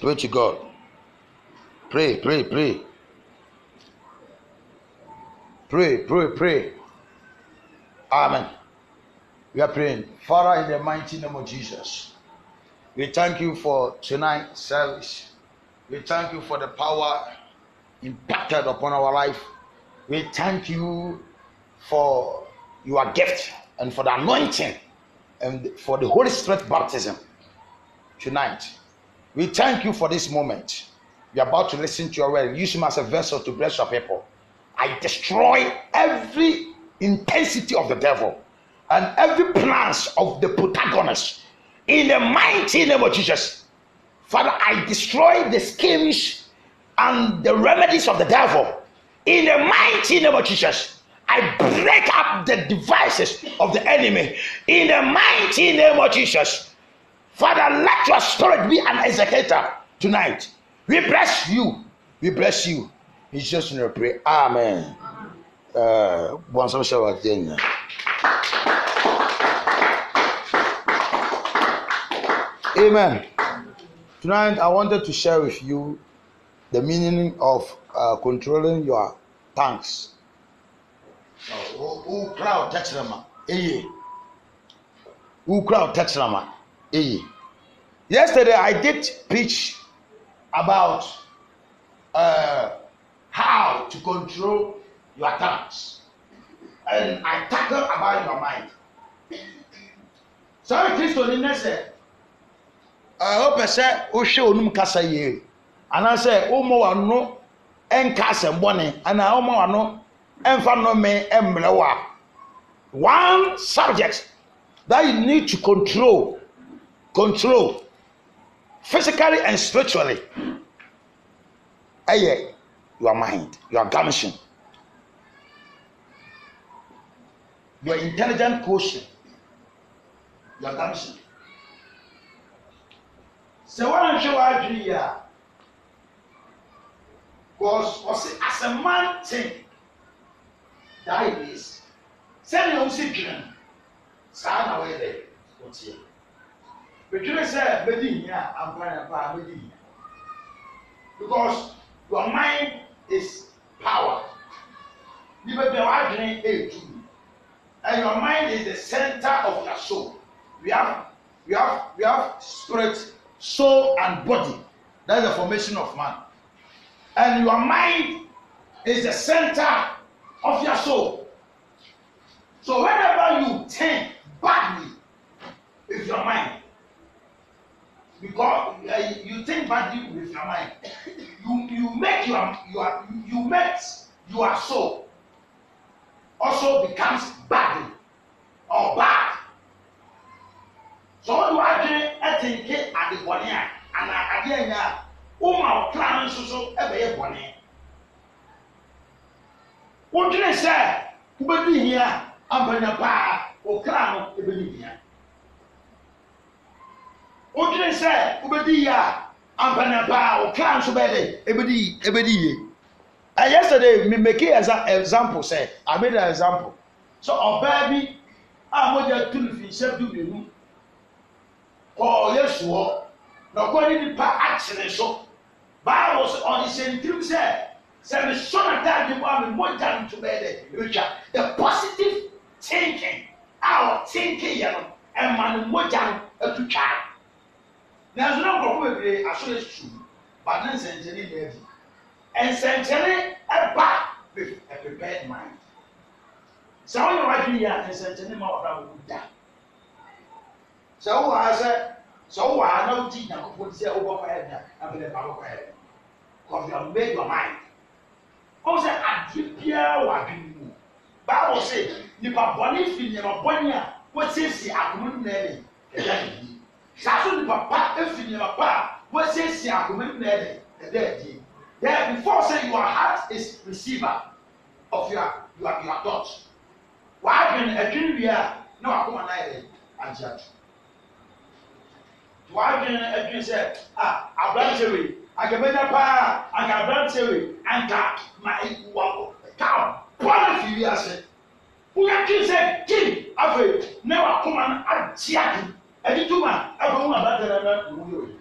Pray to God. Pray, pray, pray. Pray, pray, pray. Amen. We are praying. Father, in the mighty name of Jesus, we thank you for tonight's service. We thank you for the power impacted upon our life. We thank you for your gift and for the anointing and for the Holy Spirit baptism tonight. We thank you for this moment. are about to listen to your word. Use him as a vessel to bless your people. I destroy every intensity of the devil and every plans of the protagonist in the mighty name of Jesus. Father, I destroy the schemes and the remedies of the devil in the mighty name of Jesus. I break up the devices of the enemy in the mighty name of Jesus. Father, let your spirit be an executor tonight. We bless you. We bless you. In Jesus' name, we pray. Amen. Uh, once I'm sure what then. Amen. Tonight, I wanted to share with you the meaning of uh, controlling your tanks. Oh, who crowd touch them? Who crowd touch them? iyì yesterday i did preach about uh, how to control your thoughts and i tackle about your mind Sorry, kristo uh, ni nẹsẹ ọ pẹ sẹ o ṣe onum kasa yie anaasẹ o mọ wa no ẹnka asẹmbọni ana o mọ wa no ẹnfa nnọmi ẹmrẹ wa one subject that you need to control control physically and spiritually ɛyɛ your mind your garnishing your intelligent quotient your garnishing sɛ wɔnhwɛ w'adwiri yɛ a cause ɔsi as a man think that it is sɛnea wosi dwene saa na wɔyɛ dɛ wɔteɛ betwere sɛ bɛdi eh, nyia ampara paa bɛdi nyia because your mind is power nipa bi a wadwene etu and your mind is the center of your soul we have we have we have spirit soul and body That's the formation of man and your mind is the center of your soul so whenever you think badly with your mind because uh, you think badly with your mind you you make your your you make your soul also becomes bad or bad so wọn do adwene ɛte nke ade bɔne a ana ade anya a woma ɔkra no nso so ɛbɛyɛ bɔne wodwene sɛ wobɛdi hia ampanya paa ɔkra no ɛbɛdi hia wodwene sɛ wobɛdi yie a ampana paa wo kra nso bɛyɛ dɛ ɛbɛdi ɛbɛdi yie ɛ eh, yesterday me make exa example sɛ i made an example so ɔbaa bi a mogya tu no fi nhyɛ du mmienu kɔɔ yesu hɔ na ɔkɔ ne nipa akyene so baawo sɛ ɔde hyɛ ntirim sɛ sɛ me sɔ na taade mu a me mogya nto bɛyɛ dɛ e ɛbɛtwa the positive thinking a ɔtinkin yɛ no ɛma e ne mogya no ɛtu e nanso na nkurɔfo bebree aso yɛ susu ba ne nsɛnkyerɛnne yɛ adi nsɛnkyerɛnne ɛba a prepared mind sɛ wɔn yɛ wadwi yɛ a nsɛnkyerɛnne ma ɔda wɔn da sɛ wɔwɔ ha sɛ sɛ wɔwɔ ha na wɔdi nyakopɔ ti sɛ wɔbɔ kɔɛ da abɛlɛ ba bɔ kɔɛ kɔfi a mbɛ yɔ mind wɔn sɛ adeɛ biara wɔ adwi mu baawo sɛ nipa bɔnne fi nneɛma bɔnne a wɔsiesie akoma mu na ɛyɛ kɛkɛ kɛkɛ saa so nipa pa efi nneɛma pa a wɔasiesie akoma mu na ɛdɛ ɛdɛ ɛdie there before say your heart is receiver of your your your thought w'adwene adwene wie a na w'akoma na ɛdɛ agye ato w'adwene adwene sɛ a aberanteɛ wei agabanya paa aga aberanteɛ wei anka ma e, wɔ ka bɔ ne fi wi ase w'akyi sɛ kii afei na w'akoma na agye ato ɛdi tuma ɛfɔ mu aba tɛnɛ mɛ owó yɛ oye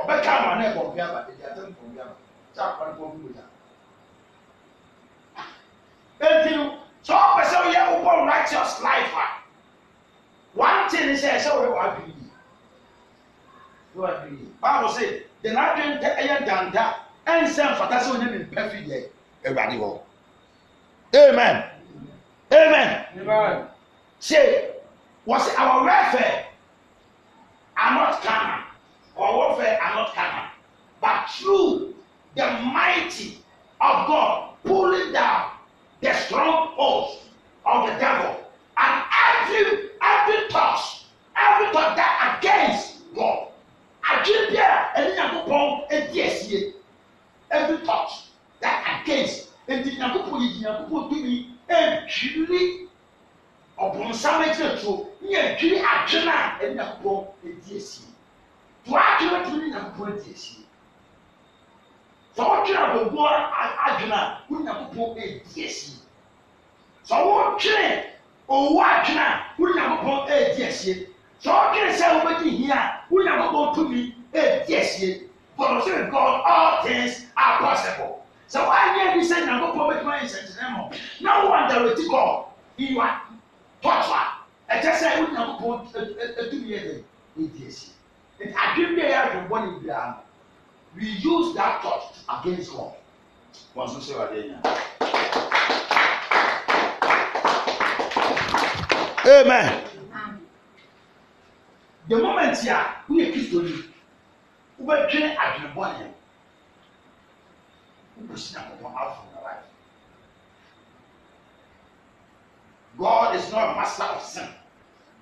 ɔbɛ ká ama ne bɔ nbia ba ɛdi atɛ nkɔ nbia ba sɛ akpa ne bɔ nbia ba eti no sɛ ɔpɛ sɛ righteous life a one thing sɛ ɛsɛ ɔyɛ wɔ adu yie wɔ adu yie baabu sɛ deɛ n'adu yɛ ɛyɛ danda ɛnsɛ nfata sɛ ɔnyɛ ne mpɛ fi yɛ ɛwurade wɔ amen amen. amen. amen. amen wɔsi our welfare are not carnal, our welfare are not carnal, but through the might of God against God. Wọ́n tún ṣe wà dé Amen. The moment yà wúyẹ Kristo ni, wọ́n bẹ twẹ́ àdùnnàbọ̀ yẹn. Wọ́n bẹ sin àkọ́kọ́ afọ ní yẹn. God is not a master of sin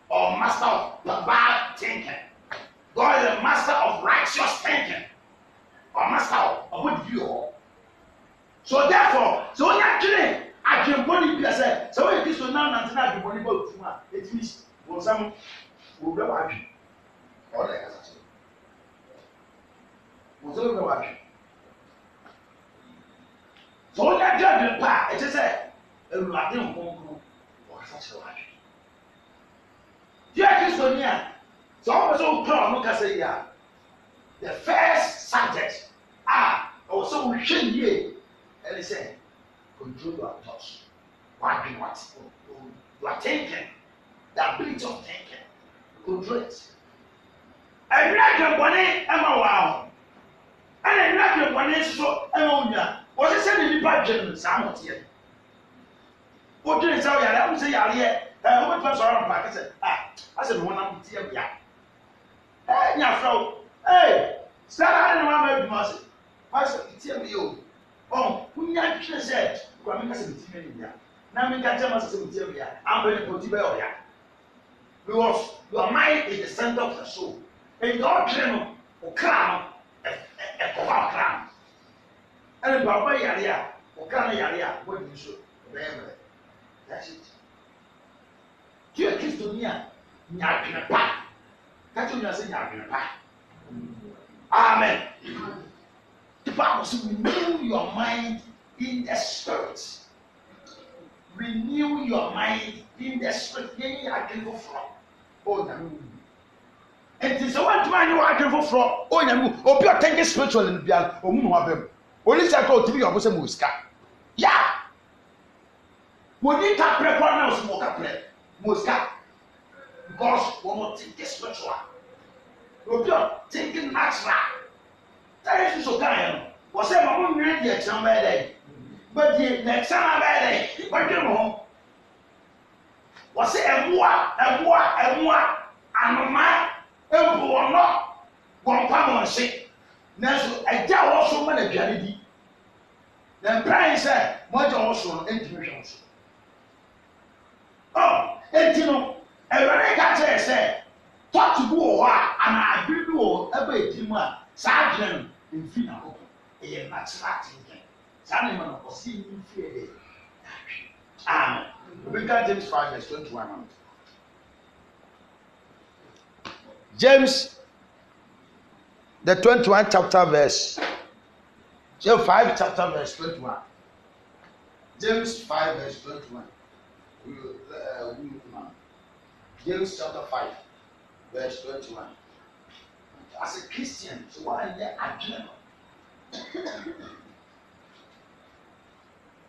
or master of bad thinking. God is a master of righteous thinking or master of ɔmo didi wɔ hɔ so therefore sɛ wɔn adwene adwenbɔni bi sɛ sɛ wɔn edi so nan nante na adwenbɔni bɔ otum a etimi wɔn nsam wɔn bɛ wɔ adwe ɔda yɛ kasa kyerɛ wɔn nsam bɛ wɔ adwe sɛ wɔn adwe adwe pa ɛkyɛ sɛ ewurade nkonkron wɔkasa kyerɛ wɔ adwe yɛ kristu ni a sɛ wɔn bɛ sɛ wɔn kura wɔn kasa yi a the first subject a. Ah, ɔwɔ sɛ wohwɛ yie ɛne sɛ control your thoughts wadwe wate your thinking the ability of thinking control it ɛwerɛ adwabɔne ɛma wɔ aho ɛna ɛwerɛ adwabɔne nso ɛma wo nya wɔsɛ sɛ ne nipa dwene no saa mɔteɛ wodwene sɛ woyare ɛwo sɛ yareɛ ɛɛ wobɛtumi sɔre no paake sɛ a asɛ me honam teɛ bea ɛɛ nyafrɛ wo ee saa ara ne ma ama adwuma sɛ pastor ti tie mi o ɔn kunya twɛ sɛ kura mi kasa mi ti mi ni bia na mi ka kyɛn ma sɛ mi tie mi ya abɛn ko ti bɛ because your mind is the center of the soul nti ɔtwere no ɔkra no ɛkɔba ɔkra no ɛna baaba yare a ɔkra no yare a wɔdi nso ɔbɛyɛ mɛrɛ that's it tí o kristu ni a nya adwene pa kakyɛ onyaa sɛ nya adwene pa amen. Bible renew your mind in the spirit. Renew your mind in the spirit. Yẹ́n yẹ adwene foforọ, ó nyame wù. Nti sɛ wọ́n atuma anyi wọ́n adwene foforọ, ó nyame wù. Obi a ɔtɛnke spiritual ni bia, omu na wabɛ mu. Oni sɛ kɔ otibi yɛ ɔbɔ sɛ mo sika. Ya! Wòní kaprɛ kɔ náà sọ wọ́n kaprɛ, mo sika. Because wọ́n tɛnke spiritual. Obi a ɔtɛnke natural. Tẹ́lẹ̀ sísọ káyọ̀ no wɔsɛ ma mo nwene deɛ kyerɛ bɛyɛ dɛ bɛdie na ɛkyɛn bɛyɛ dɛ bɛdwe mo ho wɔsɛ ɛboa ɛboa ɛboa anoma ebu wɔn nɔ wɔn pa wɔn se nanso ɛgya a wɔso ma na aduane di na mpran sɛ mɔgya a wɔso no ntumi hwɛ wɔso ɔ eti no ɛwɛrɛ ka kyerɛ sɛ tɔtu bi wɔ hɔ a ana adiri bi wɔ hɔ ɛbɛ edi mu a saa adwene no nfi na ɛyɛ natural thinking saa nneɛma no ɔsi yi fi ɛdɛ amen obi ka james five verse twenty one ano james the twenty one chapter verse james five chapter verse twenty one james five verse twenty one uh, uh, james chapter five verse twenty one as a christian so wàá yẹ adwene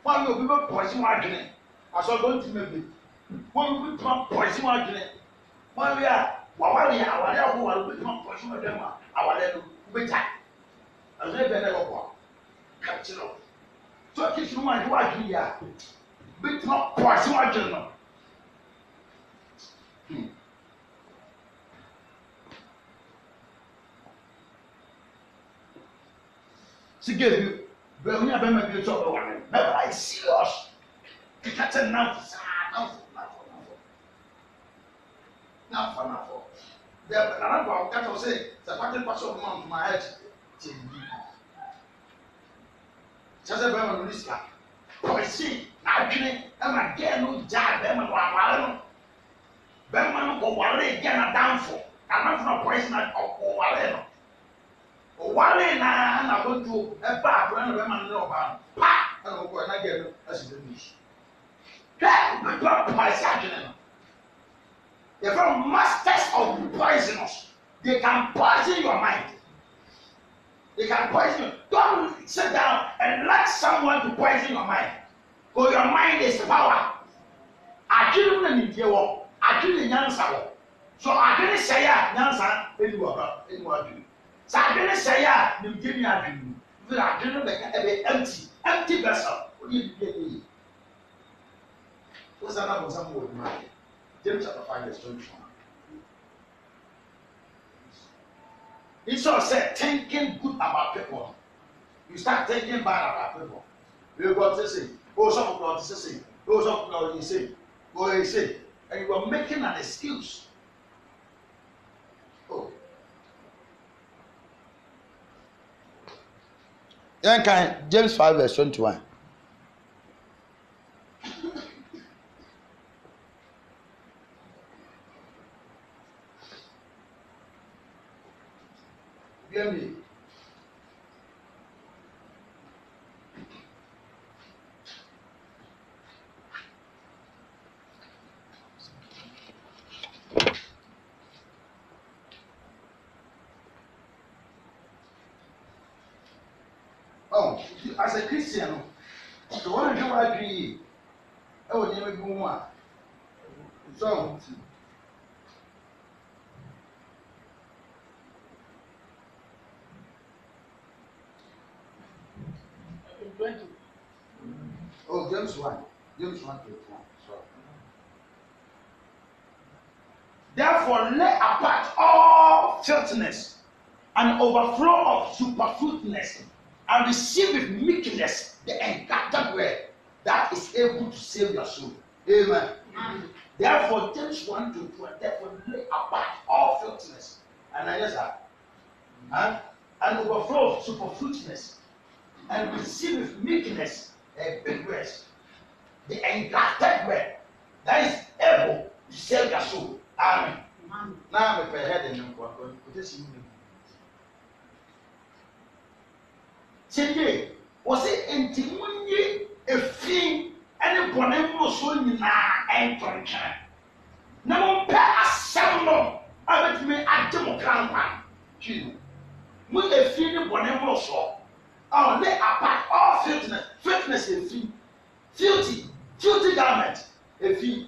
wọn a yẹ obi bɛ pɔsi wọn adwene asɔgbɔn ti mɛ bi wọn a yɛ obi tuma pɔsi wọn adwene wọn a yɛ a wawari yɛ awari awo wari obi tuma pɔsi wọn adwene ma awari yɛ no obi ta asɔgbɔn bɛ na yɛ kɔ kakyina o tɔkisi wọn a yɛ wọn adwene yɛ a obi tuma pɔsi wọn adwene no. sike bi bẹ onye abẹmẹ bi sọ ọbẹ wà mí mẹ bàa yi serious kíkà tẹ nàfọ sáà nàfọ nàfọ nàfọ nàfọ bẹ nana bọ àwọn kẹtọ sẹ sẹpàtì pàṣẹ ọmọ ọmọ ayé ti ti yi sẹsẹ bẹẹma lórí sika pọlisi n'adwene ẹma gẹẹ no gya bẹẹma no awaare no bẹẹma no kọ wàre gẹẹ na danfo anafọ na pọlisi na ọkọ wàre no ɔware naa na abɔduo ɛba abura na bɛma man ɔbaa no pa ɛna ɔkɔ ɛna gɛɛ no ɛsɛ bɛ bi hwɛ ɔbɛdua poise adwene no yɛfrɛ masters of poisonous they can poison your mind they can poison you don't sit down and let someone to poison your mind for your mind is power adwene mu na nidie wɔ adwene nyansa wɔ so adwene sɛɛ a nyansa ɛni wɔ ba ɛni wɔ adwene sɛ ade ne sɛe a nimde ne ade no mfiri ade no bɛka ɛbɛ empty empty vessel wode yɛ biribi ɛbɛyi wosa na bonsa mo wɔ adwuma ayɛ james chapter five verse twenty one esau sɛ thinking good about people you start thinking bad about people you go to say o sɔfo kura o ti sese o sɔfo kura o ti se o ye se and you are making an excuse. yɛn kan james five verse twenty one. Yeah, me. ɔ as a christian no sɛ wɔn nhwɛ wɔn adwene yie ɛwɔ nneɛma bi mu so Oh, James one, James one twenty one. Therefore, lay apart all filthiness and overflow of superfluousness and receive with meekness the encountered word that is able to save your soul. Amen. Amen. Therefore, James 1 to 2, therefore lay apart all filthiness and ayesa uh, huh? and overflow of superfluousness and receive with meekness a big word, the engrafted word that is able to save your soul. Amen. Now, I'm prepared in the kyeye wɔsi nti mu nye efi ɛne bɔnɛ mmoroso nyinaa ɛntɔntwɛn na mo mpɛ asɛm no a bɛtumi agye mo kra nkwa twii mo efi ne bɔnɛ mmoroso ɔ ne apart all fitness fitness efi filthy filthy garment efi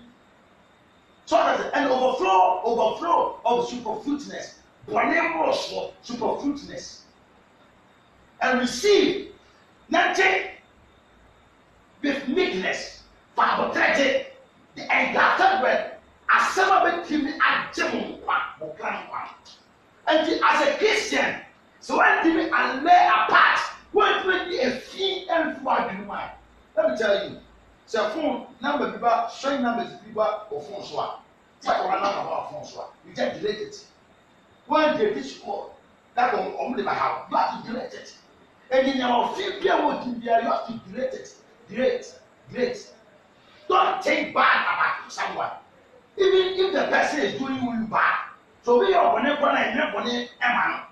so that an overflow overflow of superfruitness bɔnɛ mmoroso superfruitness and receive na with meekness for tẹrẹtẹ the engafted word asẹm a bẹ tìmí agye mu nkwa mo kra nkwa nti as a christian so wọn tìmí and lay apart wọn tìmí di efi ẹnfu adwuma mu a let me tell you sẹ fone number bi ba showing numbers bi ba o fone so a sẹ ọba number ba o fone so a you just delete it wọn delete score that one ọmọ de ha you have to delete it ɛnyinyamofi bia wɔ di bia you have to great it great great don't take bad about someone even if the person is doing you bad so bi yɛ ɔbɔnɛ kɔnɔ ɛnyɛ bɔnɛ ɛma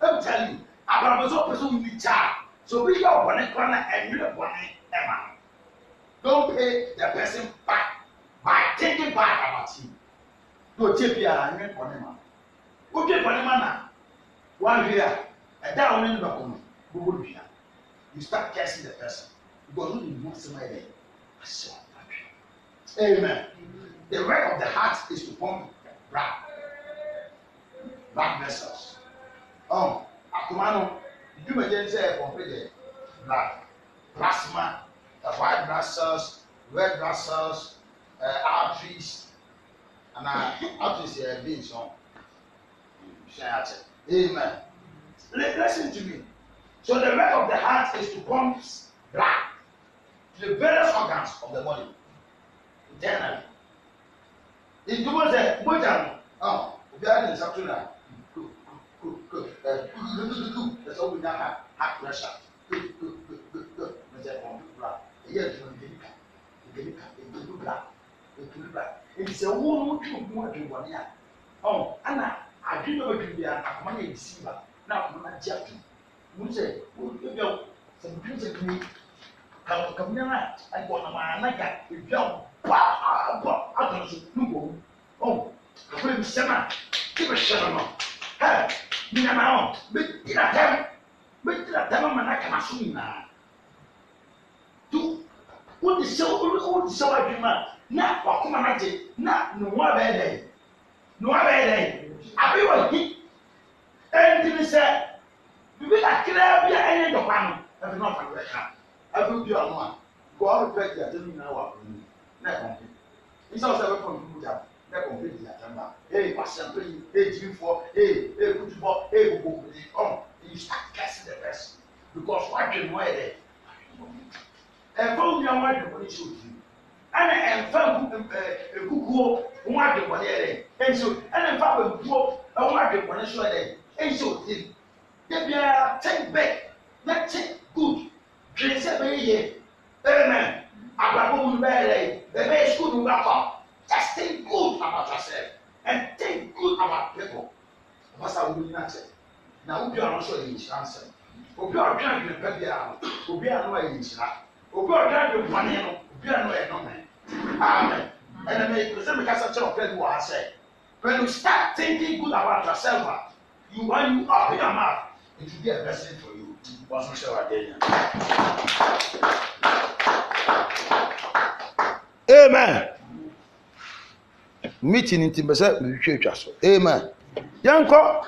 no i'm telling you abalabaso person will be charged. so bi yɛ ɔbɔnɛ kɔnɔ ɛnyɛ bɔnɛ ɛma no don't pay the person back by taking bad about him na o tie biara ɛnyɛ bɔnɛ ma o tie bɔnɛ ma na wa hwɛ a ɛda a wɔn ani bɛ kɔn mu gbogbo dua you start cursing the person because when you move somewhere there asew amen. amen the work of the heart is to pump blood blood vessels um akoma no edwumadye nsa yɛ pɔmpe deɛ blood plasma the white blood cells red blood cells uh, arteries ana uh, arteries yɛ veins no sɛ akyɛ amen listen to me. So the work of the heart is to pump blood to the various organs of the body internally. Ìdúró sẹ̀ mọ́jà nù ọ̀hún òbí á ní nsàtú náà kò kò kò ẹ̀ kúkúkúkú ẹ̀sọ́ wò ní ha heart pressure kò kò kò kò kò ẹ̀sẹ̀ pọ̀npù bla ẹ̀yẹ ẹ̀dùnú ìgbèlíkà ìgbèlíkà ìgbèlú bla ìgbèlú bla ìgbèsẹ̀ wọ́n mú tún mú àdìwọ̀n ní à ọ̀hún ẹ̀nà àdìwọ̀n bẹ̀rẹ̀ bíi àkọ́mọ́ náà yẹ hun sɛ ebi awo sɛ nkiri sɛ kiri kawo kamunira agbɔ nama anaka ebi awo paa bɔ atɔn so nugo ɔn kakura mi sɛm a ti bɛ hyɛ no no hɛ nyama ɔ bɛ tu o de sɛ o de sɛ o adwuma na wakoma na gye na ne ho abɛɛ dɛ ne ho bibi kakra bi a ɛyɛ dɔkpa no ɛfi na ɔfa bɛ ka ɛfi bi ɔno a gɔɔre pɛ di adi no nyinaa wɔ akɔnɔ mu na ɛkɔn pe nsawo sɛ ɛbɛfɔ ne mu gya na ɛkɔn pe di atamba ee wasiampe yi ee tirifoɔ ee ee kutubɔ ee gbogbo kuli ɔn you start guessing the best because wadwe mu ayɛ dɛ ɛfɛ wo nyinaa wadwe mu ne hyɛ odi ɛna ɛnfɛ nkukuo ho adwe mu ayɛ dɛ ɛnso ɛna nfa nkukuo ho adwe mu ne hyɛ odi ɛnso odi da biara take back na take good dwen sɛ bɛyɛ yie amen abrabɔ mu bɛyɛ dɛ bɛbɛyɛ school mu bɛkɔ just take good about yourself and take good about people ɔbasa wo nyina kyɛ na obi a ɔno nso yɛ nhyira nsɛm obi a ɔdwen adwene pɛ biara no obi a no yɛ nhyira obi a ɔdwen adwene bɔne no obi a no yɛ nɔmɛ amen ɛnna mɛ ɛsɛ mi kasa kyerɛ ɔpɛ bi wɔ ha sɛ when you start thinking good about yourself you when you open your mouth. It will be a blessing for you. Wọ́n tún ṣe wà dé yẹn. Amen. Meeting ti bẹ̀sẹ̀ mìíràn ìtwa so. Amen. Yanko,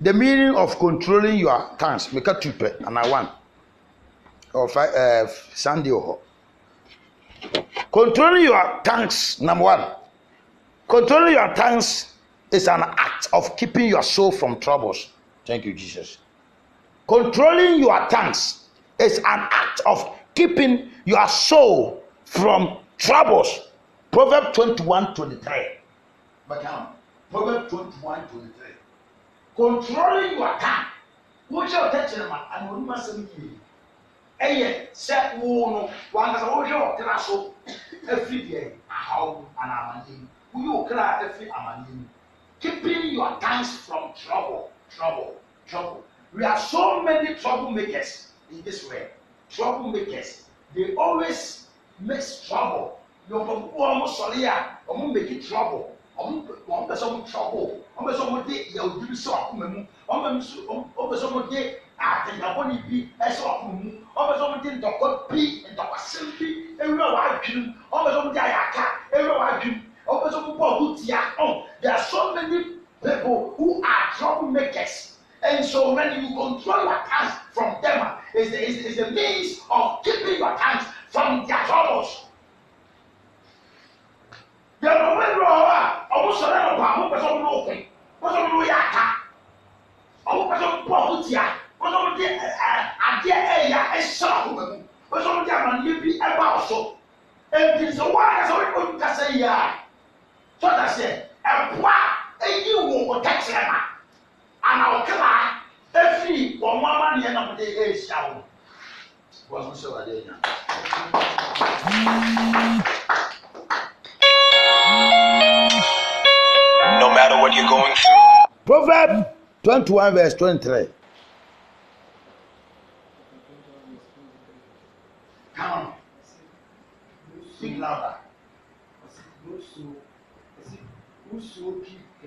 the meaning of controlling your times a two pẹ ana one or five uh, Sunday wọ Controlling your tanks, number one. Controlling your tanks is an act of keeping your soul from troubles. Thank you, Jesus. Controlling your tongues is an act of keeping your soul from troubles. Proverbs 21 23. But now, Proverbs 21 23. Controlling your tongue. Who shall ọ̀tẹ́ kyerè And àná must asẹ́mi yìí. Ẹ yẹ sẹ́ wọ́n no, wọ́n ankasa wọ́n Every day, so efiri deɛ ahaw ana amanyɛ mu. Wọ́n yóò kíra Keeping your tongues from trouble trouble, trouble. We are so many troublemakers in this world. Troublemakers. They always make trouble. Yọ̀bọ̀n ọmọ sọ̀rí à, ọmọ make trouble. Ọmọ bẹ̀ sọ mo trouble. Ọmọ bẹ̀ sọ mo dé ìyàwó dúró sí ọkùnrin mu. Ọmọ bẹ̀ sọ mo dé àtẹ̀yàwó ni bi ẹsẹ̀ ọkùnrin mu. Ọmọ bẹ̀ sọ mo dé ntọ̀kọ bí ntọ̀kọ̀sẹ̀ bí ewúrẹ́ wàá dùn. Ọmọ bẹ̀ sọ mo dé àyàká ewúrẹ́ wàá dùn. Ọmọ bẹ̀ sọ mo bọ̀ ọ̀gùn There are so many people who are troublemakers. And so when you control your tongues from them, is the, is, is the means of keeping your tongues from their troubles. Yẹ̀rọ wẹ́rọ ọ̀rọ̀ a, ọ̀hún sọ̀rọ̀ ẹ̀rọ pa, ọ̀hún pẹ̀sọ̀ ọ̀hún òkè, pẹ̀sọ̀ ọ̀hún yà ká, ọ̀hún pẹ̀sọ̀ ọ̀hún pọ̀ ọ̀hún tìá, pẹ̀sọ̀ ọ̀hún di adé ẹ̀yà ẹ̀ṣẹ̀ ọ̀hún bẹ̀mú, pẹ̀sọ̀ ọ̀hún di àmàlẹ́ bí ẹ̀bá ọ̀ṣọ́. Èdè sọ wọ́n àgàsọ̀ wọ́n kásẹ̀ yà, sọ́dà sẹ̀, ẹ̀pọ̀ à eyi wɔn ɔka kyerɛ ma ana ɔkala efiri wɔn mama na wɔde ehyia wɔn wɔn ho hyɛ wɔde enya. No matter what you're going through. Proverb 21 verse 23. Come on. Sing louder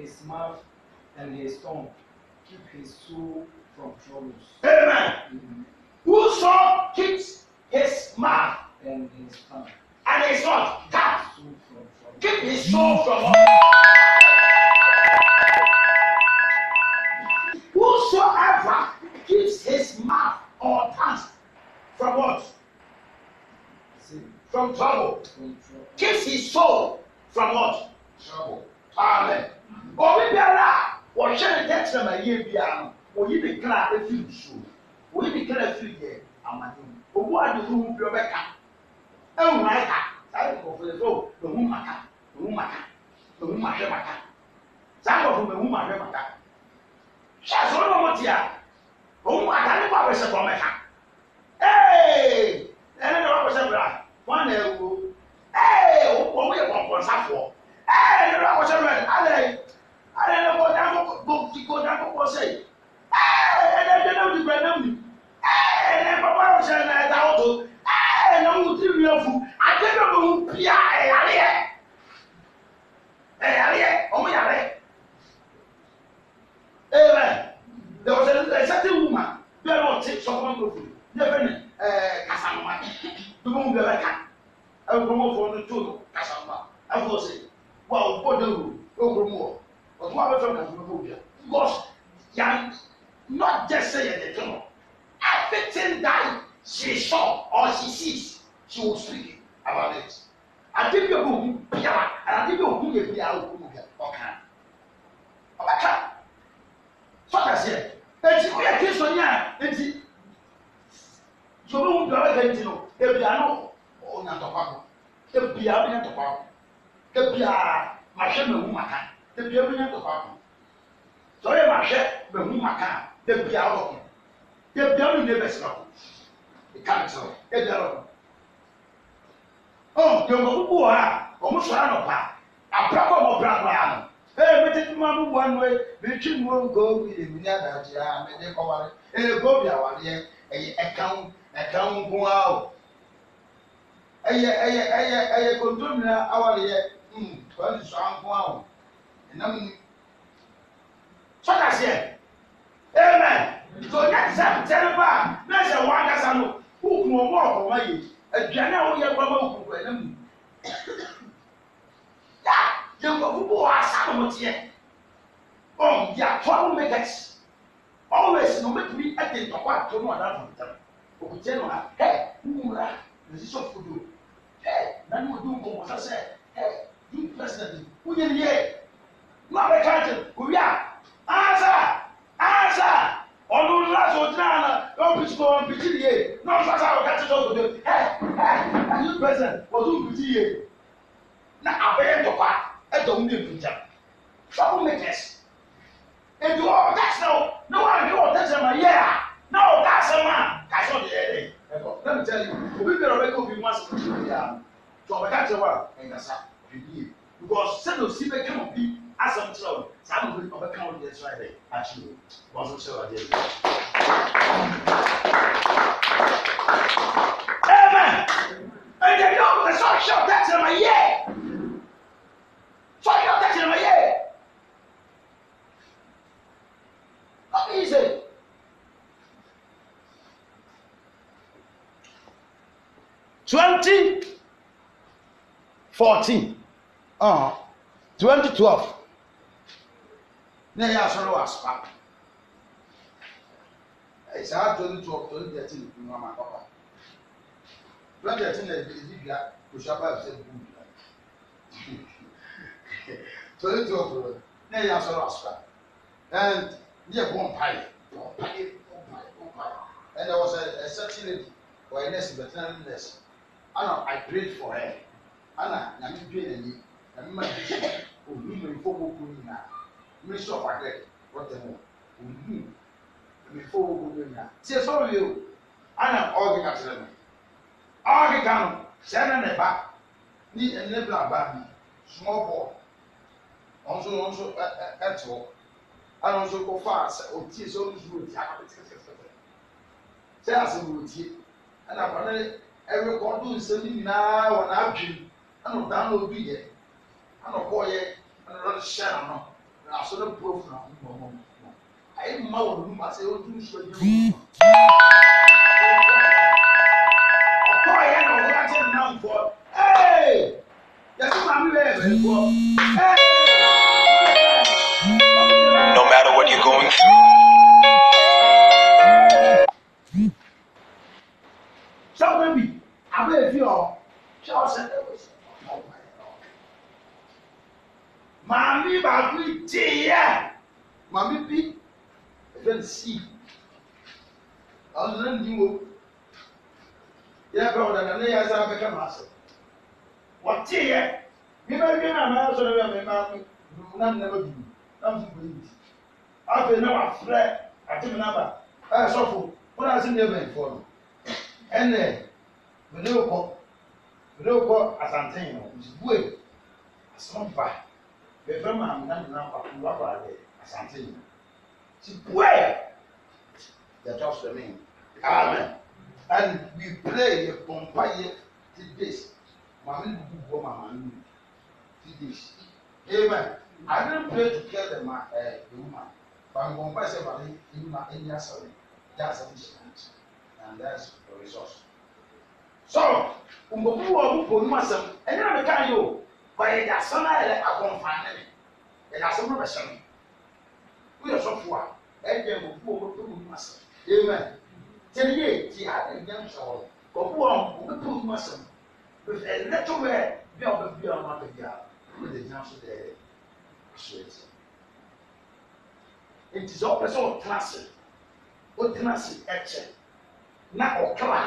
his mouth and his tongue. Keep his soul from troubles. Amen. Amen. Whoso keeps his mouth and his tongue and his tongue, that keep his soul from all. Whosoever keeps his mouth or tongue from what? From trouble. Keeps his soul from what? Trouble. Amen obi biara a wɔhwɛ ne tɛkyerɛ ma yie biara no wɔyi ne kra efiri nsuo wɔyi ne kra efiri yɛ amanyɔ mu obu adi ho bi ɔbɛka ehun aka saa nkɔfo yɛ so oh, ehu maka ehu maka ehu mahwɛ maka saa nkɔfo ma ehu mahwɛ maka hyɛ asɔrɔ na wɔn ti a. yɛnkɔfo gu hɔ a wɔn sɔrɔ anɔpa aprako a wɔpra koraa no ee mete tuma mu bua nua yi metwi mu nko obi de mi ni adagye a mede kɔware ee gobi awareɛ ɛyɛ ɛkan ɛkan nko ara o ɛyɛ ɛyɛ ɛyɛ ɛyɛ kontomina awareɛ hmm wɔn nso anko ara o ɛnam ni sɔkaseɛ amen so nyɛ sɛ ntɛn ba a na sɛ wɔn akasa no wukun wɔn mu ɔkɔwa yi aduane a wɔyɛ kɔma wukun kɔ ɛnam ni ya yɛn nkɔfo wɔ asa na wɔn teɛ ɔn yɛ atɔn makers always na wɔbɛtumi ɛde ntɔkwa ato no adan fam tam okutia no ha hɛ nwura na sisi ɔfodo hɛ na ne wɔdi nkɔmɔ sɛ sɛ hɛ you president wonyɛ ne yɛ na ɔbɛka kyerɛ owi a ansa ansa ɔno nla so gyina ana ɔpiti ko ɔpiti yie na ɔsasa ɔka kyerɛ ɔkò dé ɛ ɛ ɛyɛ pɛsɛn wɔtò mpiti yie na abɛyɛ ntɔkwa ɛdɔm ne mpita trouble makers edu ɔka kyerɛ o na wɔahwɛ wɔn tɛkyerɛ ma yɛ a na ɔka asɛm a kakyɛ ɔde yɛ dɛ ɛkɔ let me tell you obi biara ɔbɛka obi mu asɛm ti bi ya so ɔbɛka kyerɛ asɛm kyerɛ wo saa bɛbɛ ɔbɛka wo deɛ kyerɛ dɛ akye wo bɔnso kyerɛ wo adeɛ amen ɛdɛ yɛ ɔbɛ sɛ ɔhyɛ ɔda kyerɛ ma yɛ sɛ ɔhyɛ ɔda kyerɛ ma yɛ ɔbɛ yi sɛ twenty fourteen uh, twenty twelve na ɛyɛ asɔre wɔ asopa saa twenty twelve twenty thirteen nkun mu ama papa twenty thirteen na ebi dua kosua pa ɛfisɛ bu dua twenty twelve no na ɛyɛ asɔre wɔ asopa and ne yɛ bɔ mpae bɔ mpae bɔ mpae bɔ And there was a ɛsɛ ti na di wɔyɛ nurse veterinary nurse ana i prayed for her ana nyame dwe n'ani na mma bi so ohun mmiri fo koko nyinaa ministry of agric rotemu oyi mmefo ogun ne nya tie sọrọ yie o ana ọgị kakyere no ọgị ka no sịa na ne ba ne ne bla ba bi small ball ọnso ọnso ẹ ẹ ẹte hɔ ɛna nso kofa sɛ otie sɛ ɔno nso otie akɔ tɛtɛtɛtɛ sɛ asɛ otie ɛna akɔne ɛwɛ kɔdo nsɛm nyinaa wɔ n'adwene ɛna ɔdan na obi yɛ ɛna ɔkɔɔ yɛ ɛna ɔdɔ hyɛ n'ano na asọdọ puro funa fún ọmọ mi ayé mma wọn nù ma sẹ ojú nsọ yẹ wọn ọkọ yẹ na ọwọ ajé nà nkọ ee yẹsi maami bẹ yẹ nkọ ee. No matter what you're going through. Sọ bẹ́ẹ̀ bi, abẹ́ èfi ọ̀, ṣé ọ̀sẹ̀ ẹ̀ wọ̀ sí ọ̀pọ̀ gyeeɛ maame bi ɛfɛ no sii ɔno na nni wo yɛbɛ wo dada ne yɛ sɛ abɛka no ase wɔteeɛ mmema wie na amaa sɔre bɛ mmema dum na nnɛma dum na mfo bɛ yi afei na wafrɛ atem naba ɛyɛ sɔfo wɔn a asem ne bɛnfoɔ no ɛnɛ mene wokɔ mene wokɔ asanten no nsibue asɛm ba bɛbɛ maa mi na nyinaa kwa kuwa de asante yi ti bue the top of the amen and we pray yɛ pɔmpa yɛ ti days maame ni bubu bɔ maama nu ti days amen i don pray to kill the man ɛɛ eh, the woman but nkɔmpa sɛ ba de enuma eni asɔre de asɔre si na nkyɛn and that's the resource so nkɔmpa wɔ ɔmo pɔ onum asɛm ɛnyɛ na mi ka bɔyɛ de asɛm a yɛrɛ abɔnfan ne ne yɛrɛ asɛm no bɛ hyɛ no woyɛ sɔfo a ɛdɛ nkɔfu wɔ wɔpɛ mu nnum asɛm amen tɛni yɛ ti ada nyam sɛ hɔ nkɔfu wɔ wɔpɛ mu nnum asɛm ɛnɛto wɛ bi a wɔbɛ bi a wɔn abɛ bi a wɔn de nyam so dɛ aso yɛ sɛ nti sɛ ɔpɛ sɛ ɔtena ase ɔtena ase ɛkyɛ na ɔkra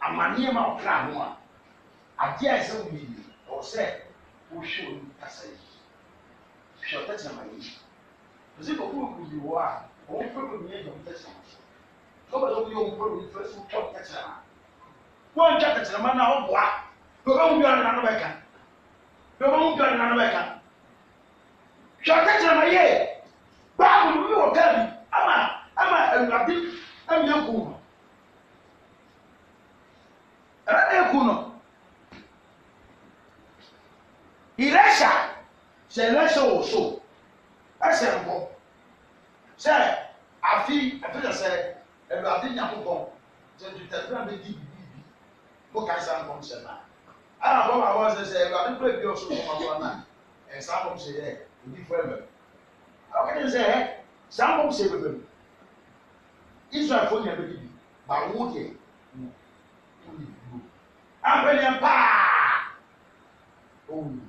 amanneɛ ma ɔkra ho a adeɛ a ɛsɛ wɔn yi ɔwɔ sɛ wohwɛ wɔn kasa yi hwɛ ɔtɛtɛnama yi ɔsi kɔkɔɔ kuru bi wɔ a wɔn fɛ wɔn nyɛ yɛ ɔtɛtɛnama kɔba yɛ wɔn yɛ wɔn fɛ wɔn fɛ so twɛ ɔtɛtɛnama wɔn twɛ ɔtɛtɛnama na ɔboa bɛbɛ mu biara nanu bɛ ka bɛbɛ mu biara nanu bɛ ka hwɛ ɔtɛtɛnama yɛ baabu bi wɔ kaa bi ama ama awurade amia kum no ɛna ɛkum no. Elisha sɛ Elisha wɔ so ɛsɛ nkɔ sɛ afi afi sɛ sɛ ɛwurade nyakubɔ sɛ ntutɛtura bɛ di bibi mo ka ɛsɛ nkɔ sɛ na ɛna wɔn a wɔn sɛ sɛ ɛwurade kura bi ɔso wɔn akɔ na ɛsɛ nkɔ sɛ yɛ obi fɔ ɛmɛ ɔkɛtɛ sɛ ɛ sɛ nkɔ sɛ bɛbɛ mu Israel fo nyɛ bɛ di bi ba wo deɛ wo ni bi wo apɛnyɛ paa owu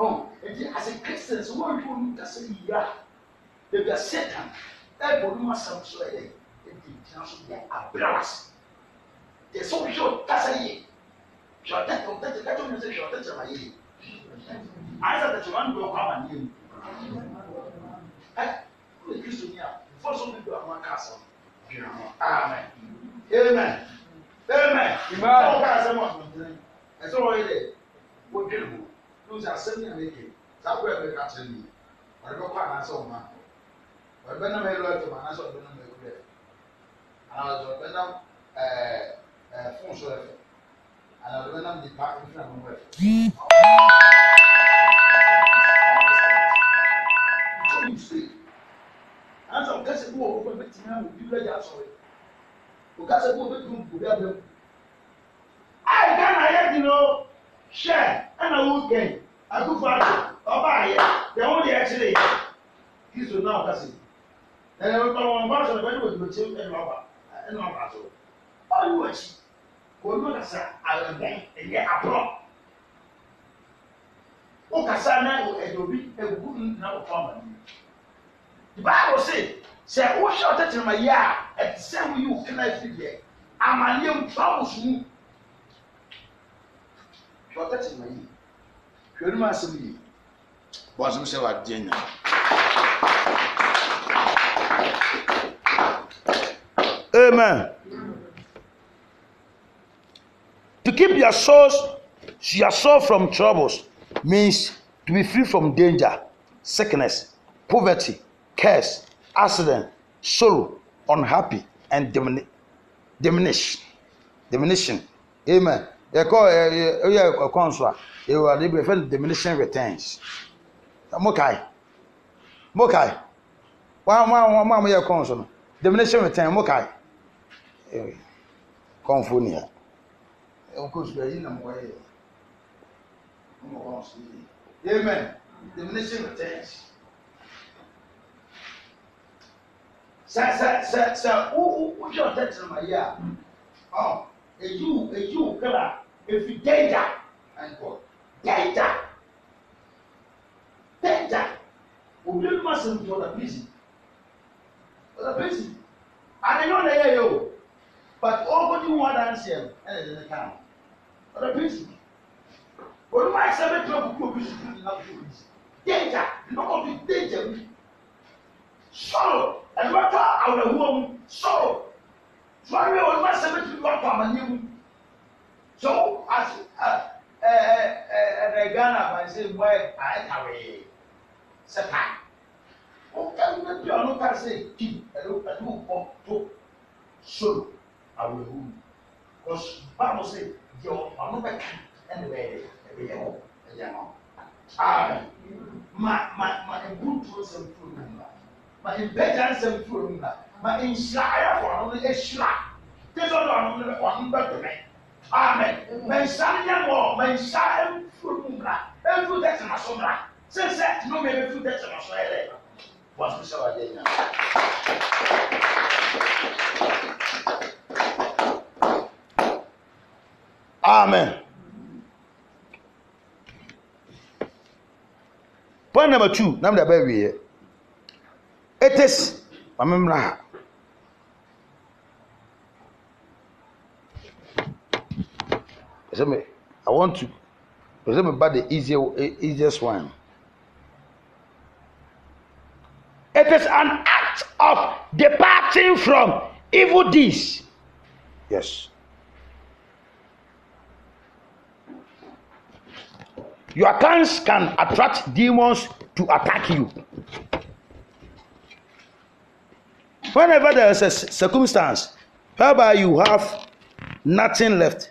ɔn eti ase christians wɔn ntwi wɔn kasa yira ebi a satan ɛbɔ ɔmo asam so ɛyɛ ebi gyina so yɛ abrawas yɛ sɛ ɔhwɛ ɔkasa yie hwɛ ɔtɛtɛ ɔtɛtɛ kɛtɛ ɔmo sɛ hwɛ ɔtɛtɛ ma yie ayisa tɛtɛ wɔn do ɔkɔ ama ne yɛ mu ɛ ɔyɛ kristu ni a fɔ so bi do àwọn akasa gyina hɔ amen amen amen ɔkọ asɛm ɔmo ɛsɛ ɔyɛ dɛ wɔdwiri ho n'o sɛ asɛm yɛn ne ke saa kura yɛ bɛ ka kyerɛ ne wɔde bɛ kɔ anaasɛ ɔma wɔde bɛ nam ɛyɛ lɔɔre tɛm anaasɛ ɔde bɛ nam ɛkuru yɛ anaasɛ ɔde bɛ nam ɛɛ ɛɛ fon so ɛfɛ anaasɛ ɔde bɛ nam nipa nfin ahomu ɛfɛ. ansa ɔkasa bi wɔ hɔ bɛ bɛtumi ama obi wura gya asɔre ɔkasa bi wɔ bɛtumi nkuri abɛm. ayi ghana yɛ di no hyɛ ɛna wokɛn akufo ato ɔbaayɛ deɛ wɔn deɛ ɛkyerɛ yɛ kristo na ɔka se ɛɛ ɔtɔn wɔn ba sɔrɔ bɛyɛ wɔdi wɔkyɛm ɛna ɔba ɛna ɔba ato ɔyɛ wɔkyi wɔn mu kasa awɛbɛn ɛyɛ aborɔ wokasa na ɛdɛ obi egu na ɔfɔ ama ne baabu se sɛ wohyɛ ɔtɛtɛrɛma yɛ a ɛte sɛ woyi wo kana afiri deɛ amaneɛ mu fa wo sumu hwɛ ɔtɛkyɛ ma yi hwɛ onim asɛm yi bɔ asɛm sɛ wadeɛ amen to keep your soul, your soul from troubles means to be free from danger sickness poverty curse accident sorrow unhappy and diminish diminishing amen yɛkɔ ɛɛ ɛyɛ ɛkɔ nso a ɛwɔ ade bi yɛfɛ no diminishing returns mo kae mo kae wɔn a wɔn a wɔn a wɔyɛ kɔn so no diminishing return mo kae kɔnfo nia ɛwɔ kɔ sukuu ɛyi na mo wɔyɛ mo wɔn so yie amen diminishing returns sɛ sɛ sɛ sɛ wo wo wo hwɛ ɔtɛtɛrɛma yi a ɔ eyi wo eyi wo kala efi danger ɛnkɔ danger danger obi ne ma sɛm to ɔda bisi ɔda bisi adanyɛ ɔda yɛ yɛ o but ɔkɔdi mu adanseɛ no ɛna ɛdɛ ne kan ɔda bisi olu ma ɛsɛ bɛ tura kuku obi sukuu nyinaa kuku obi si danger nnɔkɔ bi danger bi sɔrɔ ɛnubɛtɔ awurahuwa mu sɔrɔ tuwari olu ma ɛsɛ bɛ tura kuku amaniya mu so as ɛɛ ghana abansi mbɔ yɛ ayɛtawee sɛta ɔka ne bi ɔno ka sɛ di ɛno ɛno bɔ to soro awewu kɔs baabu sɛ deɛ ɔno bɛ ka ɛna bɛ yɛ ɛbɛ yɛ hɔ ɛyɛ hɔ amen ma ma ma ebuntu nsɛm turo mu na ma ebɛgya nsɛm turo mu na ma nhyira ayɛ fɔ ɔno no ehyira tɛsɛ ɔno ɔno bɛ ɔno amen mɛnsa yɛ wɔ mɛnsa efuru mu mra efuru tɛ tɛmɛ so mra sɛnsɛ numu yɛ efuru tɛ tɛmɛ so yɛlɛ wɔn so sɛ wɔde nya. amen. point number two nam da bɛ wiye it is maame sɛ me i want to pɛ sɛ me buy the easy easiest one it is an act of departing from evil deeds yes your accounts can attract demons to attack you whenever there is a circumstance whereby you have nothing left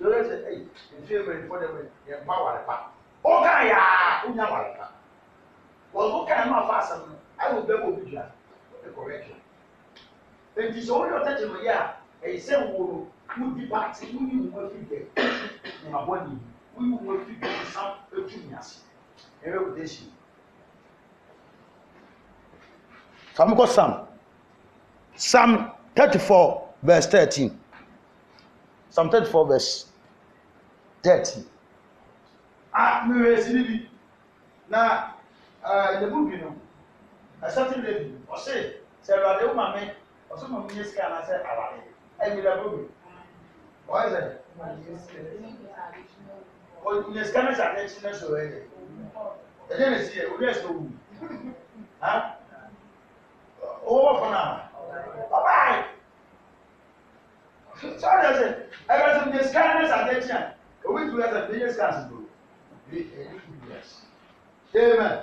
lórí ẹsẹ ẹyì nfi ẹmẹ ẹfọ dẹmẹ yẹ mpa wàrẹ pa ó ká yà ó nya wàrẹ pa wọn kó ká yà má fa asẹm no ẹwọ bẹ bọ obi dua ẹ kọ rẹ kẹ nti sọ wọn yọ ọtẹ kyerẹ yẹ a ẹyẹ sẹ wọlọ wọn di baati wọn yi wọn fi dẹ ẹnìmọ bọ ni wọn yi wọn fi dẹ ẹsan etu ní ase ẹ rẹ kò dé si. famukọ sam sam thirty four verse thirteen psalm thirty four verse thirty. a mi wee si níbi na ẹ̀ẹ́dẹ̀bù bi no ẹ̀sẹ̀tì lẹ́bi ọ̀sẹ̀ sẹ̀ ẹ̀rọ adé ọmọ mi ọ̀sẹ̀ mọ̀ mi yẹ sika náà sẹ̀ àwàdé ẹ̀yẹ̀dẹ̀bù bi wọ́n ẹ̀sẹ̀ ọ̀yẹ̀ sika náà sẹ̀ adé ẹ̀kyí náà sọ̀rọ̀ ẹ̀yẹ ẹ̀yẹ lè si yẹ ọ̀dẹ̀ ẹ̀sẹ̀ òwú ha owó wọ̀ fún náà ọ̀báyé so ɔna sɛ ɛbɛ sɛ mde sika ne sa de kyea obi tu ɛsɛ mde nye sika asebro bi ɛni kubias amen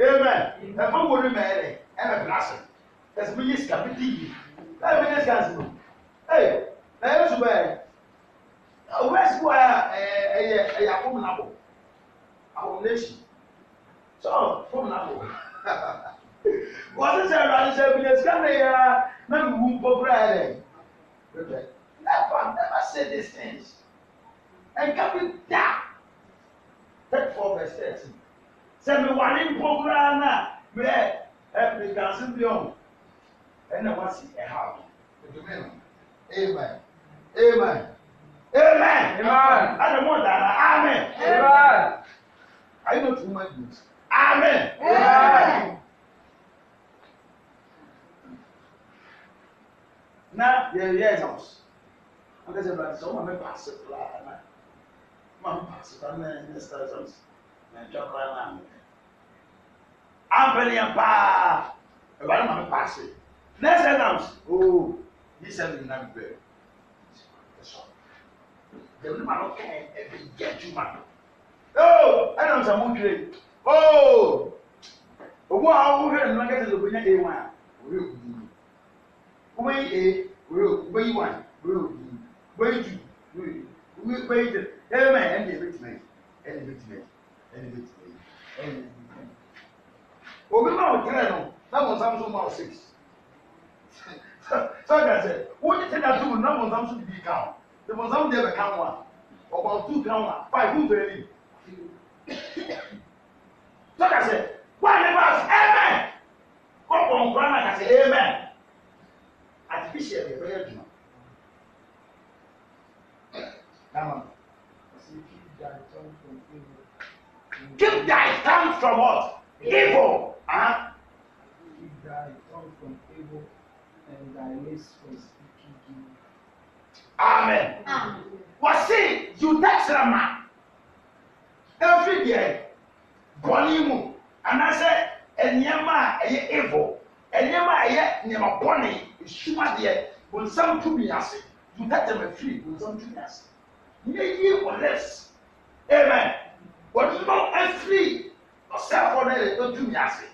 amen ɛfɔ wo ne mɛɛrɛ ɛbɛ blase ɛsɛ mde nye sika mde yi ɛbɛ mde nye sika asebro ɛyɛ na ɛyɛ su bɛyɛ ɔbɛ sibu a ɛyɛ ɛyɛ ɛyɛ akom nabo akom n'ekyi so akom nabo wɔsesɛ ɛwɛ adesɛ bi ne sika ne yɛ na mi wu mpɔ kura yɛ dɛ. I've never said these things. And can be down. Take four verse thirteen. Sẹ mi wà ní mpokura náà mi ẹ ẹ mi kà sí bí see a house. Amen. sí Amen. Amen. Amen. Amen. Adamu that. Amen. Amen. Are you not human beings? Amen. Amen. Now yẹ yẹ ẹsẹ And there's a man, someone may pass it, man. Man pass it, and then this person, man, jump right now. I'm paying a pa. A oh, man may pass it. Next announce, oh, he said in that bed. That's all. The woman don't care if he get you, man. Oh, I don't know, I'm Oh, owó àwọn owó hẹ́rẹ̀ nígbà kẹ́tẹ́ lóko ní a1 a wòye òkú yìí wòye òkú yìí wòye òkú yìí wòye òkú bɛyi wi bɛyi de ɛyɛ mɛ ɛna ebi tena yi ɛna ebi tena yi ɛna ebi tena yi ɛna ebi tena yi obi ma o tẹrɛ no na mo nsam so ma o six sɛ ɔka sɛ wọ́n ti da tó na mo nsam so bi ka o de mo nsam deɛ bɛ two ka ho five two fɛ So I ɔka sɛ wọ́n yɛ baasi ɛmɛ ɔbɔ nkura na ka sɛ ɛmɛ artificial yɛ bɛ yɛ Keep thy hand from what? Evil. Huh? Keep thy tongue from evil and thy lips from speaking evil. Amen. Wasi man, Every day, bɔnni mu anaasɛ nneɛma a ɛyɛ evil, nneɛma a ɛyɛ nneɛma bɔnni, esumadeɛ, bonsam tumi ase, Yudasirama firi bonsam tumi ase yɛyi wɔ less amen wɔde no afiri ɔsɛfo no yɛ ɛtumi ase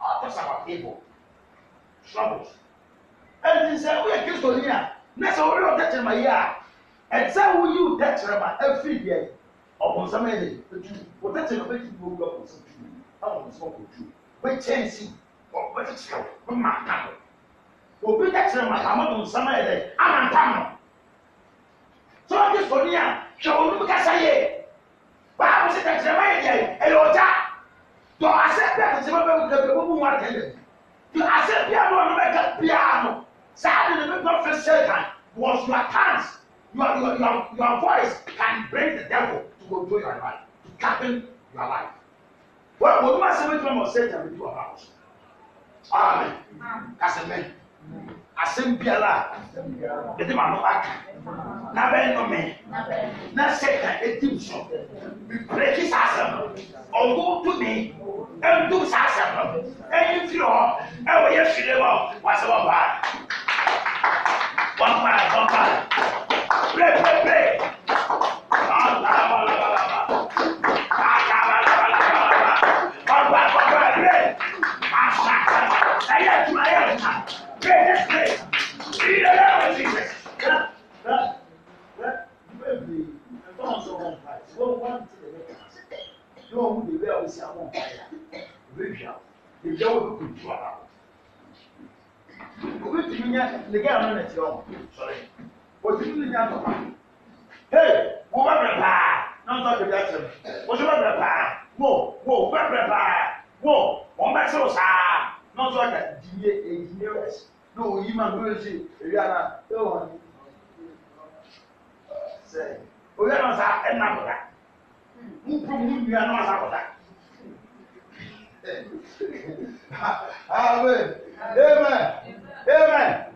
ɔtɔ sa wɔ table troubles ɛnti sɛ woyɛ kristoni a na sɛ wɔyɛ ɔtɛkyerɛma yi a ɛsɛ woyi wo tɛkyerɛma afiri deɛ ɔbɔnsɛm yɛ de ɛtumi wo tɛkyerɛma bɛtumi wo wura ɔbɔnsɛm tumi na ɔbɔnsɛm ɔkɔ tumi bɛkyɛnsi ɔbɛkyekyerɛ wo bɛma ata no obi tɛkyerɛma ama bɔnsɛm yɛ de ama nta no sọ wọn ti sọ ní à hwẹ ọdún kasa yẹ báwo sẹ tẹtẹrẹ wọn yẹ yẹ ẹyẹ ọjà tọ asẹ bí a tẹtẹrẹ wọn bẹ wọn bẹ wọn bú wọn tẹlẹ tọ asẹ bí a ní wọn bẹ ká bí a nọ sáà ni the people face Satan was your hands your your your voice can bring the devil to control your life to captain your life wọn wọn bá sẹ wọn ti wọn mọ Satan bí wọn bá wọn sọ amen asɛm biara a yɛde ma no aka na bɛyɛ nome na satan ɛtim e so mepreki saa asɛm no e ɔwo e tumi ɛntom saa asɛm no ɛyi mfiri hɔ ɛwɔ yɛ fire hɔ wasɛ wɔbaa wɔmpaa wɔmpaa brɛbrɛbrɛ ne gɛɛ eh, no na kyerɛ wɔn sɔre wɔsi mu ne nya ntɔkwa hei wo bɛbrɛ paa na ntɔ kɛbi akyerɛ mi wɔsi bɛbrɛ paa wo wo bɛbrɛ paa wo wɔn bɛ sew saa na ntɔ ka dinie edinie wɛsi na oyi ma no yɛ si ewia na e wɔn sɛ owia na sa ɛna kɔda mu pɛ mu Amen. Amen. Amen.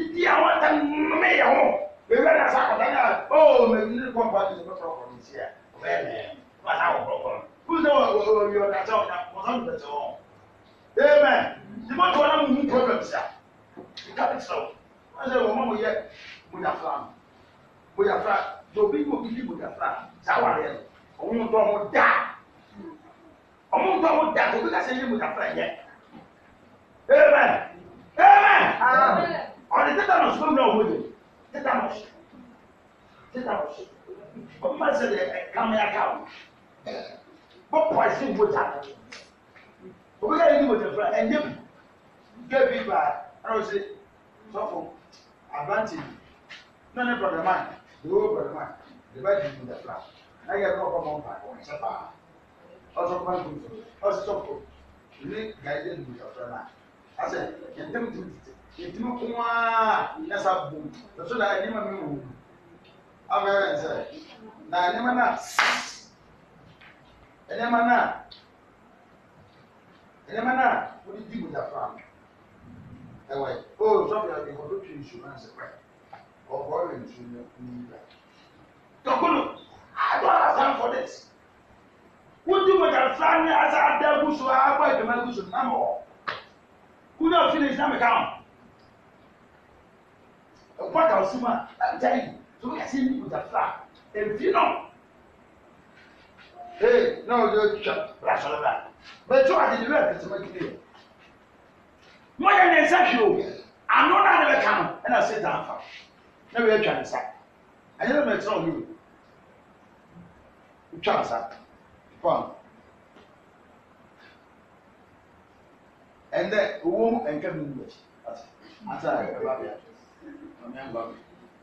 titi àwọn ta nnome yɛ ho bɛbɛ na sa kɔta na o mɛbili kɔ ba ti sɛ bɛtɔ kɔ si a ɔbɛyɛ mɛ ba sa wɔ kɔkɔ kúrò sɛ wɔ wɔ yɔ ɔda sɛ ɔda mɔsɔn bɛ sɛ wɔn amen ti bɔ tɔ na mu mu problem sa nka bɛ sɛ o wɔn sɛ wɔn ma mo yɛ mojafra mojafra dɔbi yi obi di mojafra saa wari yɛ ɔmo dɔn mo da ɔmo dɔn mo da dɔbi ka sɛ yi mojafra yɛ amen amen. On ọ̀rẹ́ tétanos ló ń bẹ òwe yìí tétanos tétanos òbí máa ń sẹ́lẹ̀ ẹ̀kámẹ́yàká o bọ́ pọ̀sí wòtá òbí yà yìí wòtá fúra ẹ̀ ndébi débi bá ẹ̀rọ sí sọ́fọ̀ àbáǹtì náà ní bọ̀dọ̀ máa lówó bọ̀dọ̀ máa lè bá yìí wòtá fúra náà yẹ kọ́ ọkọ̀ mọ́ nípa ọ̀hún sẹ́pà ọ̀sọ̀ pàǹkì ọ̀sọ̀ sọ́fọ̀ ní gàdé wòtá fúra náà àṣẹ ẹ̀ndébi tó ti tẹ̀ edwuma ko ara na sa bom ɛso na nneɛma mi wɔ mu amɛrɛ nsɛ na nneɛma na nneɛma na nneɛma na wɔde di mudafra no ɛwɔ yi o sɔfo yɛ de kɔtɔ twi nsu na nsɛ wɛ ɔkɔɔ yɛ nsu na nyi ba tɔkulu adɔla san for this wodi mudafra ne asa ada gu so a akɔ edwuma gu so na mɔ kuna finish na mi ka ho mpɔta ɔsum a ɛnkyɛn sɔmi kɛse ni kuta fila efi nɔ ee na o yoo twa brasɔlɔ la bɛtɔ adi ni bɛyɛ tɛtɛmɛ kiri yɛ mo yɛ ne nsa hwi o ano na ne bɛ ka no ɛna se dan fa na bɛ atwa ne nsa ɛyɛ lɛ mɛ tɛn o yi o twa nsa fɔn ɛnɛ owó nkɛ mi nu bɛ ti ati ati a yɛ bɛ ba bɛ yàtɔ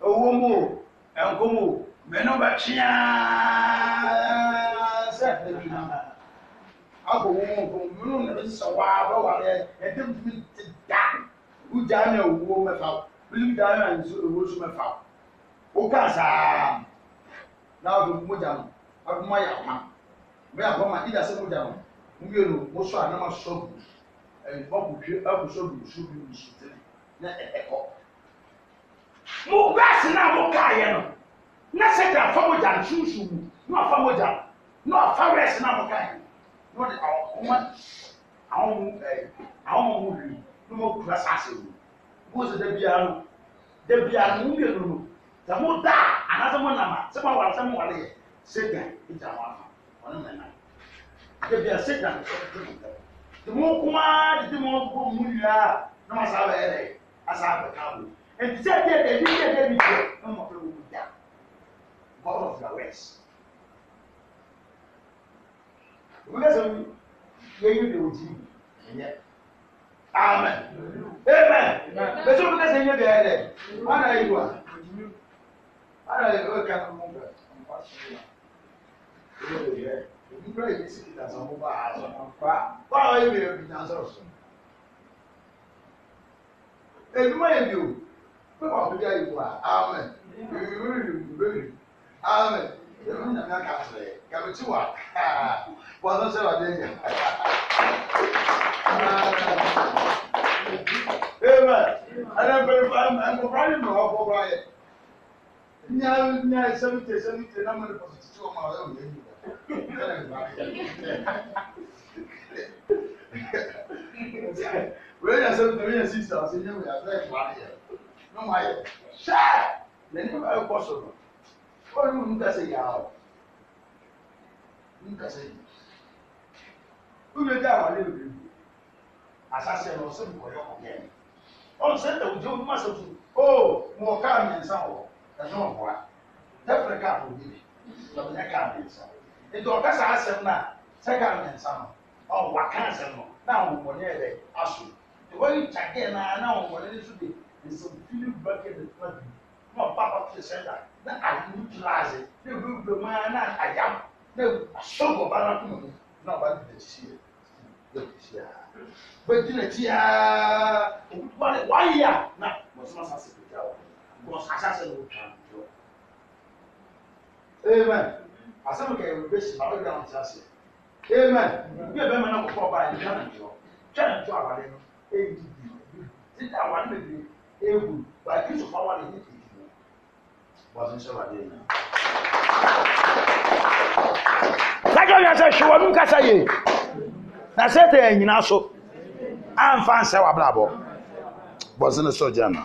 owó mò ẹ̀ǹkó mò mẹ́nu bá tíyà sẹ́fẹ̀ bí náà akọ̀ wọ́n mọ̀ fún mi nínú ní sọ wá bá wà rẹ̀ dá wújà ní owó mẹ́fà wíwú dá ní àyè owó sọ mẹ́fà ó kà sáà náà fún mi jà mọ́ akọ̀ mọ́ yà wá mọ́ yà wọ́n mà ìdá sẹ́ mọ́ jà mọ́ mo yẹ no mo sọ àná ma sọ bù ẹ̀ bọ́ kò twé ẹ̀ kò sọ bù sọ bù sọ tẹ́lẹ̀ ní verse na mo kaa yɛ no na sɛta afa mo gya nsusu mu na afa mo gya na afa verse na mo kaa yɛ na ɔde ahoma ahoma eh, ɛɛ ahoma mo wi na mo kura saase mu bóso da biara no da biara no mo mmienu no sɛ mo da anaasɛ mo nam a sɛ mo awara sɛ mo wale yɛ sɛta gya mo afa ɔno mɛ nam da biara sɛta no sɛ to mo da mo kuma didi mo bɔ mu nyinaa na mo asa bɛyɛ dɛ asa bɛ And said that they didn't get any job. Some of them will die. God of the West. Because of you, you will do it. Amen. Amen. Bẹ́sẹ̀ o bí kẹ́sẹ̀ ń yé bẹ̀rẹ̀ dẹ̀, wọ́n náà yìí wá. Wọ́n náà yìí wá kí a kọ́ mọ́ bẹ̀rẹ̀. Ìdúró yìí sì ti dàsán mú bá a sọ̀rọ̀ nípa. Báwo yìí bẹ̀rẹ̀ bìtàn sọ̀rọ̀ sọ̀rọ̀? Èdúmọ̀ yẹn bí o pẹ̀lú ọ̀dọ́ bí ayé bu amen amen èmi nyàmé akásìrè kàmi tí wà káà bọ́n náà sẹ́wà dé yà amen ẹnna mpẹrẹfà nkọfra yìí nà ọkọ ọkọ ayẹ nyà nyà sẹmìtì sẹmìtì nà mẹrin pọtù títí wọn máa yọrọ yẹn yìí wọ́n yà sẹ́mìtì wọ́n yà sísè àti ẹ̀yẹ́ wọ́n yà sẹ́mìtì wọ́n yà na mo ayɛ hyɛɛ na nneɛma ɛkɔ so no wɔn mu nkasa yi awo nkasa yi wúlò dí àwọn alẹ́ bèbèrè asase no ɔsɛ nkɔyɛ kɔkɛ ɔn sɛ ɛdá ojú ɔmú asɛ tu oo mo kaa mmiɛnsa wɔ ɛsɛ wɔn bɔra tɛfere kaa kò bi bi lɔbi nyɛ kaa mmiɛnsa nti ɔkasa asɛm na sɛ kaa mmiɛnsa no ɔwɔ aka asɛm no na ahomoni yɛ dɛ aso te wɔyi kyakɛ na na ahomoni nso de is fully working the country na ɔba ɔte sɛda na ayi claase na ewu ewu mu ara na ayam na aso wɔ ba na kum mu na ɔba de n'akyi yɛ de n'akyi yɛ bɛti n'akyi yɛ owutuba de wayɛ a na wɔsoma sa se kuta wɔ nkɔs asase na wotwa ntɔ amen asɛm kɛyɛ wo bɛ si ma ɔyɛ ɔn ti ase amen bi a bɛ mɛ na kɔkɔ ɔba yɛ ntwa na ntɔ ntwa na ntɔ awale no eyi ti bi ti awale bebree egwu by use of power in it ìdìbò bọ́sí ń sọ̀rọ̀ adé náà. lájọ́ yẹn sẹ́ ṣùwọ́n nù kásá yìí na sẹ́tẹ̀ ẹ̀ nyina so àǹfà ń sẹ́wà blábọ̀ bọ́sí ń sọ̀rọ̀ jẹ́ àná